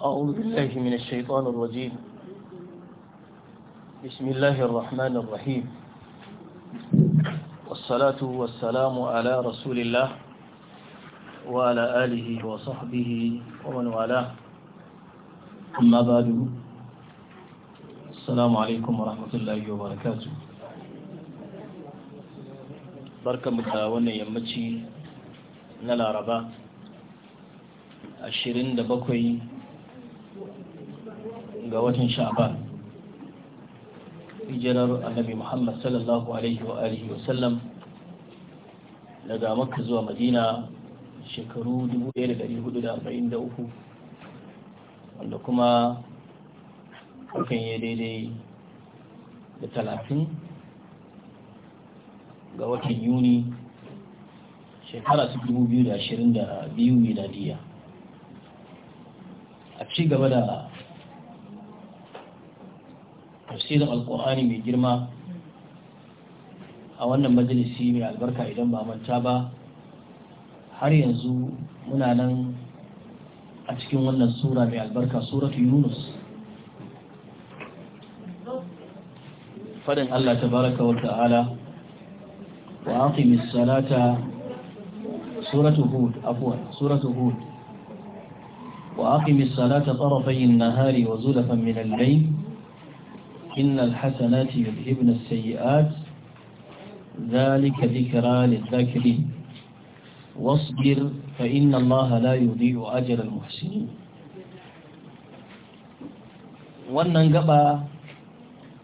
أعوذ بالله من الشيطان الرجيم بسم الله الرحمن الرحيم والصلاة والسلام على رسول الله وعلى آله وصحبه ومن والاه أما بعد السلام عليكم ورحمة الله وبركاته بركة متعاونة يمتي نلا رباه 27 ga watan sha'ban hijirar annabi muhammad sallallahu alaihi wa alihi wa sallam daga makka zuwa madina shekaru 1443 wanda kuma hakan ya daidai da talatin ga watan yuni shekara su 2022 miladiya a ci gaba da tafsirin alkur'ani mai girma a wannan majalisi mai albarka idan ba manta ba har yanzu muna nan a cikin wannan sura mai albarka suratu yunus fadin allah tabaraka wa ta'ala wa aqimis Misa'lata suratu hud afwan suratu hud wa aqimis salata tarafay nahari wa zulfan min al-layl inna alhasanati yudhibna as-sayyi'at dhalika dhikra lidh-dhakiri wasbir fa inna allaha la yudhi'u ajra al-muhsinin wannan gaba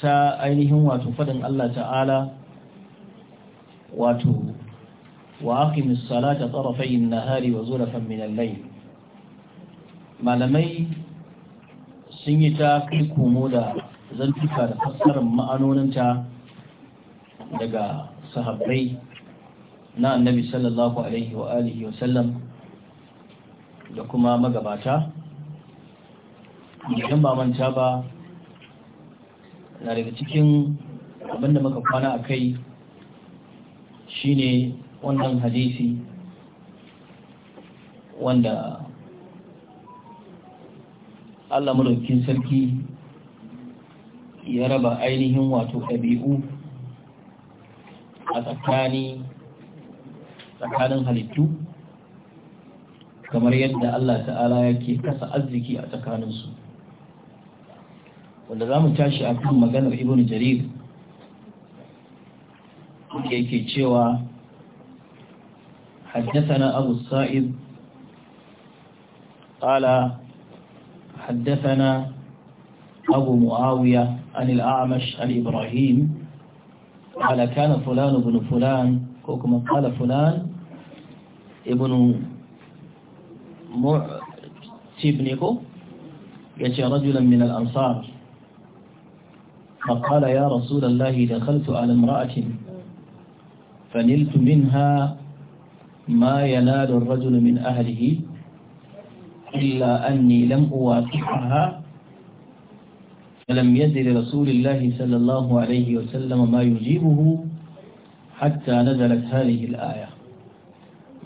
ta ainihin wato fadin Allah ta'ala wato wa aqimis salata nahari wa zulfan min malamai sun yi ta kai komo da zantuka da fassarar ma'anoninta daga sahabbai na annabi sallallahu alaihi wa alihi wasallam da kuma magabata da ba manta ba na daga cikin abinda muka kwana a kai shine wannan hadisi wanda Allah mulkin sarki ya raba ainihin wato ɗabi'u a tsakanin halittu kamar yadda Allah ta'ala yake kasa arziki a tsakaninsu wanda za mu tashi a kan maganar ibn jarir yake cewa حدثنا أبو السائب قال حدثنا أبو معاوية عن الأعمش عن إبراهيم قال كان فلان بن فلان كما قال فلان ابن معتبنكو يأتي رجلا من الأنصار فقال يا رسول الله دخلت على امرأة فنلت منها ما ينال الرجل من أهله إلا أني لم أوافقها لم يزل رسول الله صلى الله عليه وسلم ما يجيبه حتى نزلت هذه الآية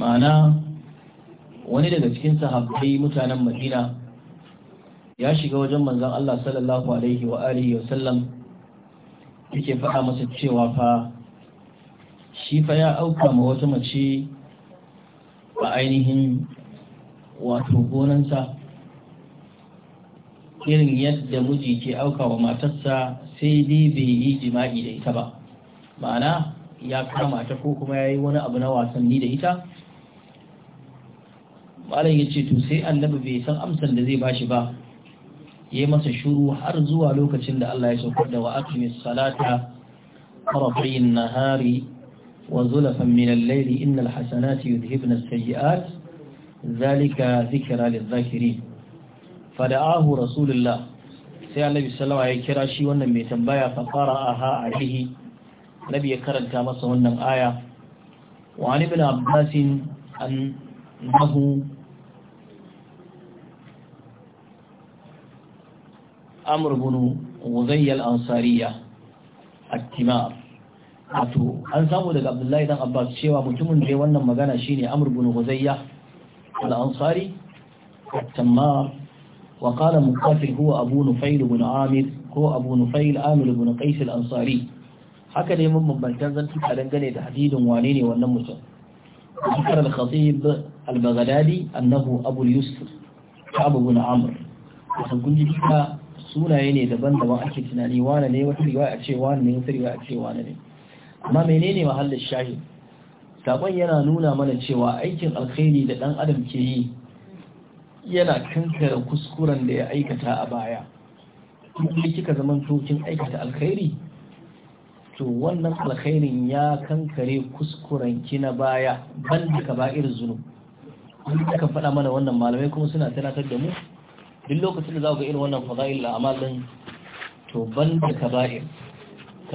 معنى wani daga cikin sahabbai mutanen madina ya shiga wajen manzan Allah sallallahu alaihi wa alihi wa sallam yake faɗa masa cewa fa shi fa ya auka ma wata mace a ainihin wato gonansa irin yadda miji ke auka wa matarsa sai dai bai yi jima'i da ita ba ma'ana ya kama ta ko kuma ya yi wani abu na wasanni da ita malam ya ce to sai annabi bai san amsar da zai bashi ba ya yi masa shuru har zuwa lokacin da Allah ya saukar da wa'aqimis salata tarafayn nahari wa zulafan min al-layli innal hasanati yudhibna as-sayyi'at zalika, dhikra lidh-dhakirin fada'ahu rasulullah sai annabi sallama ya kira shi wannan mai tambaya fa qara'aha alaihi nabi ya karanta masa wannan aya wa an ibn abbas annahu amr ibn uzayy al-ansariyya at-timar wato an samu daga abdullahi dan abbas cewa mutumin da ya wannan magana shine amr ibn uzayya al-ansari at-timar وقال مقاتل هو أبو نفيل بن عامر هو أبو نفيل عامر بن قيس الأنصاري haka ne mun mabbantan zantuka dangane da hadidin wane ne wannan mutum ذكر الخطيب البغدادي أنه أبو اليسر كعب بن عمرو wasan kun ji duka sunaye ne daban-daban ake tunani wane ne wata riwaya a ce wane ne wata riwaya a ce wane ne amma menene mahallin shahi sabon yana nuna mana cewa aikin alkhairi da dan adam ke yi yana kankare kuskuren da ya aikata a baya kuma kika zaman kin aikata alkhairi to wannan alkhairin ya kankare kuskuren ki na baya ban da ka kaba'ir zunub an kan faɗa mana wannan malamai kuma suna tunatar da mu duk lokacin da za ku ga irin wannan fada'il al'amal din to ban da ka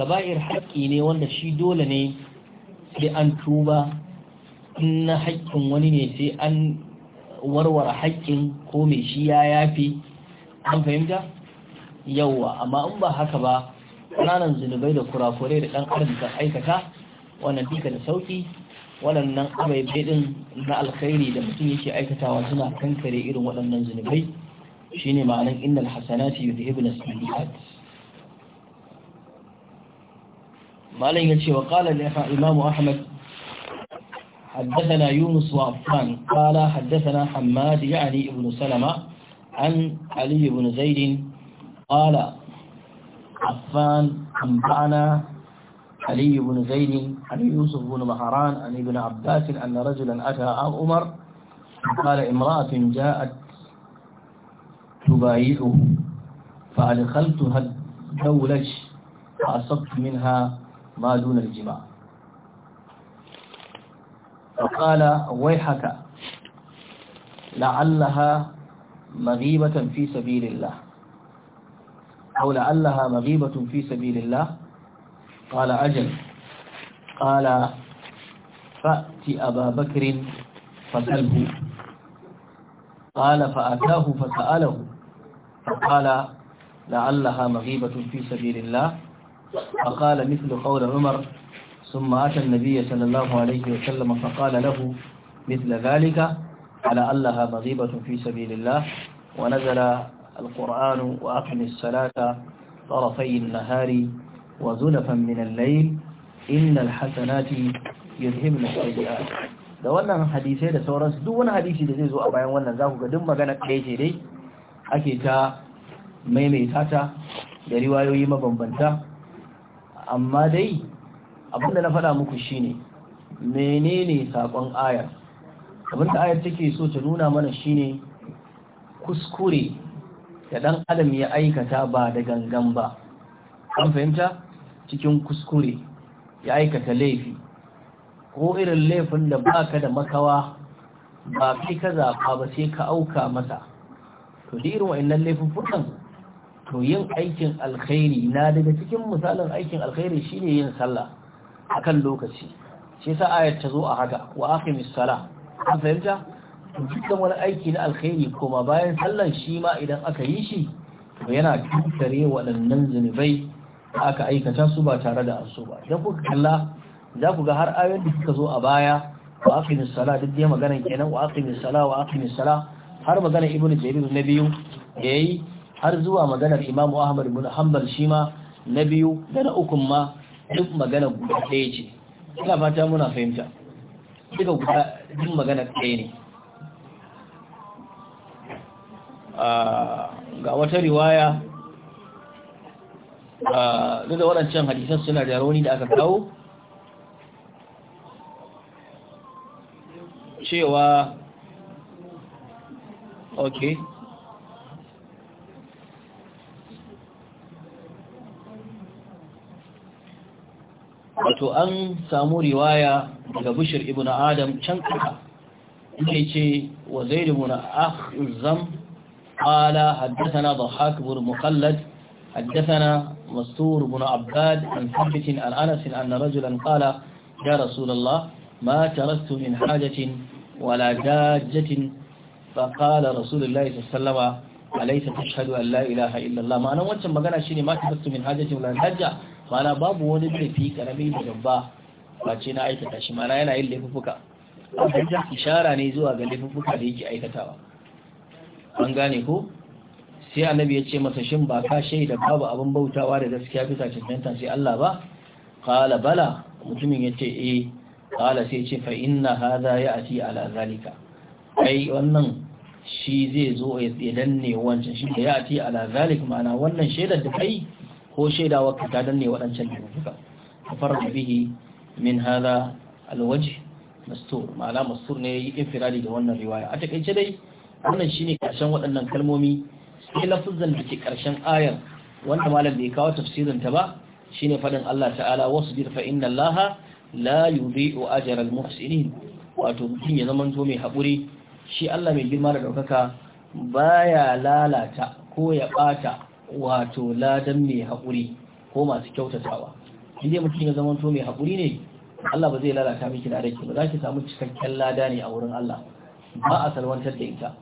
ba irin haƙƙi ne wanda shi dole ne sai an tuba in na haƙƙin wani ne sai an warware haƙƙin ko mai shi ya yafi an fahimta yawwa amma in ba haka ba ƙananan zunubai da kurakurai da ɗan arzikin aikata wannan duka da sauƙi waɗannan abai na alkhairi da mutum yake aikatawa suna kankare irin waɗannan zunubai shine ma'anar innal hasanati yudhibna sayyi'at malam yace wa qala al-imam ahmad حدثنا يونس وعفان قال حدثنا حماد يعني ابن سلمة عن علي بن زيد قال عفان أنبأنا علي بن زيد عن يوسف بن مهران عن ابن عباس أن رجلا أتى عمر قال امرأة جاءت تبايعه فأدخلتها الدولج فأصبت منها ما دون الجماع فقال ويحك لعلها مغيبة في سبيل الله أو لعلها مغيبة في سبيل الله قال أجل قال فأت أبا بكر فسأله قال فأتاه فسأله فقال لعلها مغيبة في سبيل الله فقال مثل قول عمر ثم أتى النبي صلى الله عليه وسلم فقال له مثل ذلك على ألها مغيبة في سبيل الله ونزل القرآن وأقم الصلاة طرفي النهار وزلفا من الليل إن الحسنات يذهبن السيئات da wannan hadisai da sauransu duk wani hadisi da zai zo a bayan wannan za ku ga duk magana ɗaya ce dai ake ta maimaita ta da riwayoyi mabambanta amma dai abinda na faɗa muku shine menene saƙon ayar abinda ayar take so ta nuna mana shine kuskure da ɗan adam ya aikata ba da gangan ba an fahimta cikin kuskure ya aikata laifi ko irin laifin da baka da makawa ba kai ka zaɓa ba sai ka auka masa to da irin wa'annan laifuffukan to yin aikin alkhairi na daga cikin misalin aikin alkhairi shine yin sallah akan lokaci shi sa ayar ta zo a haka wa aqimis misala an fahimta dukkan wani aiki na alkhairi kuma bayan sallan shi ma idan aka yi shi to yana kankare waɗannan zunubai da aka aikata su ba tare da asu ba idan kuka kalla za ku ga har ayon da suka zo a baya wa aqimis misala duk dai magana kenan wa aqimis misala wa misala har maganar ibnu jarir na biyu da yayi har zuwa maganar imamu ahmad ibn hanbal shi ma na biyu da na ukun ma duk magana guda ɗaya ce ina fata muna fahimta duka guda duk magana ɗaya ne ah, ga wata riwaya ah, duk da waɗancan hadisan suna da rauni da aka kawo cewa okay to an samu riwaya daga bishir ibn adam can kaka ce wa zaid ibn akhzam qala haddathana dhahak ibn muqallad haddathana mastur ibn abbad an thabit an anas anna rajulan qala ya rasul allah ma tarastu min hajatin wala dajjatin فقال رسول الله صلى الله عليه وسلم أليس تشهد أن لا إله إلا الله ما أنا وانت مغانا شيني ما mana babu wani laifi karami da ba ce na aikata shi mana yana yin laifuka-laifuka. ishara ne zuwa ga laifuka-laifuka da yake aikatawa an gane ko sai annabi ya ce masa shin ba ka shaida babu abin bautawa da gaskiya bisa cancanta sai Allah ba qala bala mutumin ya ce eh qala sai ce fa inna hadha ya'ti ala zalika ai wannan shi zai zo ya danne wancan shi da ya'ti ala zalik ma'ana wannan shaidar da kai ko shaidawa ka ta danne waɗancan laifuka tafarra bihi min hadha alwajh mastur ma'ana mastur ne yi infiradi da wannan riwaya a takaice dai wannan shine karshen waɗannan kalmomi sai lafuzan da ke karshen ayar wanda malam bai kawo tafsirin ta ba shine fadin Allah ta'ala wasbir fa inna Allah la yudhi'u ajra al-muhsinin wato mutum ya zama mai haƙuri shi Allah mai girma da ɗaukaka baya lalata ko ya ɓata wato ladan mai haƙuri ko masu kyautatawa inda mutum ya zama to mai haƙuri ne Allah ba zai lalata miki da rake ba za ki samu cikakken lada ne a wurin Allah ba a salwantar da ita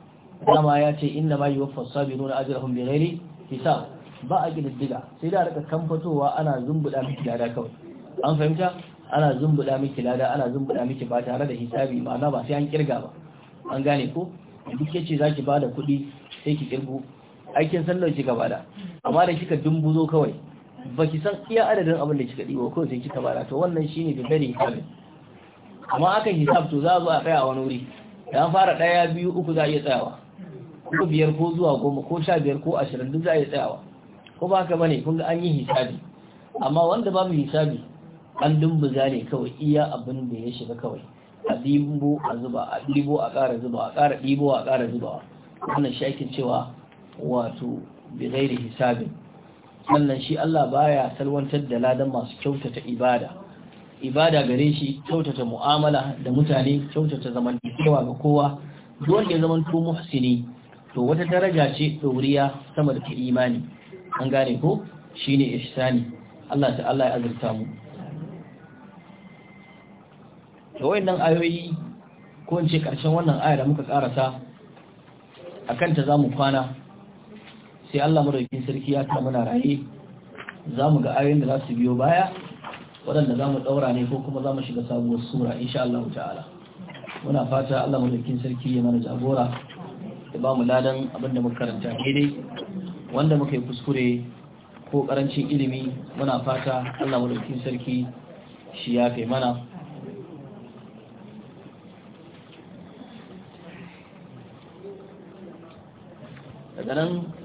kuma ya ce inna ma yuwaffas sabiruna ajrahum ghairi hisab ba a diga sai da rika kamfatowa ana zumbuda miki lada kawai an fahimta ana zumbuda miki lada ana zumbuda miki ba tare da hisabi ma'ana ba sai an kirga ba an gane ko duk yace zaki bada kuɗi sai ki kirgo aikin sallar shi kika bada amma da kika dumbuzo kawai baki san iya adadin abin da kika diba kawai sai kika bada to wannan shine da dare hisabin amma akan hisab to za a zo a tsaya a wani wuri da fara daya biyu uku za a iya tsayawa ko biyar ko zuwa goma ko sha biyar ko ashirin duk za a iya tsayawa ko ba haka bane kun ga an yi hisabi amma wanda babu hisabi an dumbuza ne kawai iya abin da ya shiga kawai a ɗibo a zuba a dibo a ƙara zuba a ƙara ɗibo a ƙara zuba wannan shi ake cewa wato bighairi hisabin sannan shi Allah baya salwantar da ladan masu kyautata ibada ibada gare shi kyautata mu'amala da mutane kyautata cewa ga kowa duk ya zaman to muhsini to wata daraja ce dauriya sama da imani an gane ko shine ihsani Allah Ta Allah ya azurta mu da wannan ayoyi ko in ce karshen wannan aya da muka karasa akan ta zamu kwana sai Allah madaukakin sarki ya ta muna raye za mu ga ayoyin da za su biyo baya waɗanda za mu ɗaura ne ko kuma za mu shiga sabuwar sura insha Allah ta'ala muna fata Allah madaukakin sarki ya mana jagora ya ba mu ladan abinda da muka karanta daidai wanda muka yi kuskure ko karancin ilimi muna fata Allah madaukakin sarki shi ya kai mana daga nan